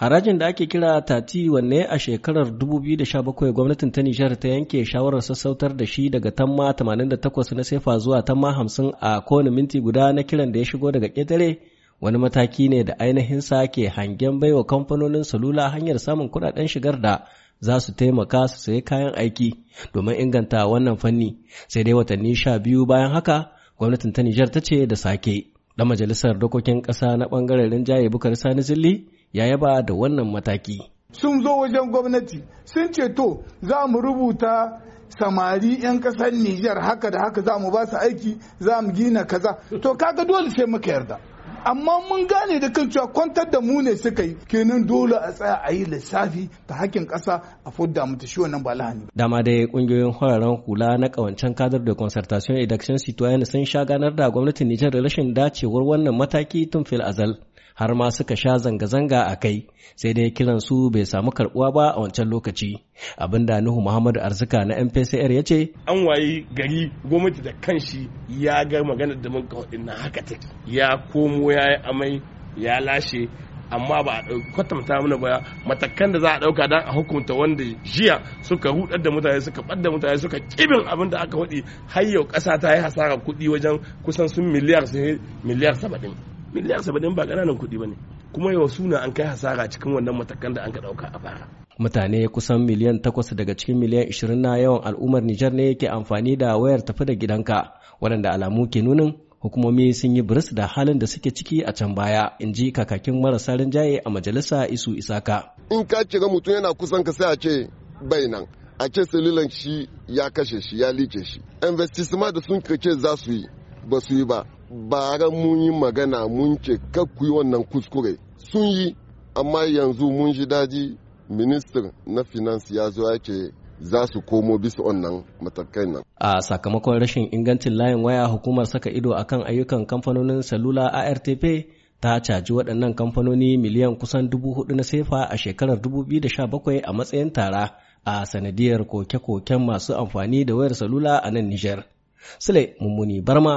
Harajin da ake kira tati wanne a shekarar 2017 gwamnatin ta Nijar ta yanke shawarar sassautar da shi daga tamma 88 na sefa zuwa tamma 50 a kowane minti guda na kiran da ya shigo daga ƙetare wani mataki ne da ainihin sa ke hangen baiwa kamfanonin salula hanyar samun kuɗaɗen shigar da za su taimaka su sayi kayan aiki domin inganta wannan fanni sai dai watanni sha biyu bayan haka gwamnatin ta Nijar ta ce da sake. Da majalisar dokokin ƙasa na ɓangaren rinjaye Bukar Sani Zilli ya yaba da wannan mataki. Sun zo wajen gwamnati sun ce to za mu rubuta samari 'yan kasar Nijar haka da haka za mu ba su aiki za mu gina kaza to kaga dole sai muka yarda. amma mun gane da kan cewa kwantar da mu ne suka yi kenan dole a tsaya a yi lissafi ta hakin ƙasa a fudda mu ta shi wannan ba lahani dama dai ƙungiyoyin hararen hula na kawancen kadar da concertation et d'action sun sha ganar da gwamnatin Nijar da rashin dacewar wannan mataki tun fil azal har ma suka sha zanga-zanga a kai sai dai kiran su bai samu karbuwa ba a wancan lokaci abinda nuhu muhammadu arzika na mpcr ya ce an wayi gari gwamnati da kanshi ya ga magana da mun kawadin na haka take ya komo ya yi amai ya lashe amma ba a kwatanta mana ba matakan da za a ɗauka don a hukunta wanda jiya suka hudar da mutane suka ɓadda mutane suka kibin abin da aka haɗi, har yau ƙasa ta yi hasara kuɗi wajen kusan sun miliyar miliyar saba'in miliyan saba'in ba ƙananan kuɗi ba ne kuma yau suna an kai hasara cikin wannan matakan da an ka ɗauka a bara. Mutane kusan miliyan takwas daga cikin miliyan ishirin na yawan al'ummar Nijar ne yake amfani da wayar tafi da gidanka waɗanda alamu ke nunin hukumomi sun yi biris da halin da suke ciki a can baya in ji kakakin marasa rinjaye a majalisa isu isaka. In ka ga mutum yana kusan ka sai a ce bai nan a ce sililan shi ya kashe shi ya lice shi. investissement da sun kace za su yi ba su yi ba bara mun yi magana mun ce ku yi wannan kuskure sun yi amma yanzu mun ji daji minister na finance ya zo yake ce za su komo bisa wannan matakai nan. A sakamakon rashin ingancin layin waya hukumar saka ido akan ayyukan kamfanonin salula ARTP ta caji waɗannan kamfanoni miliyan kusan dubu hudu na sefa a shekarar bakwai a matsayin tara a sanadiyar koke-koken masu amfani da wayar salula a nan Nijar. Sule Mummuni Barma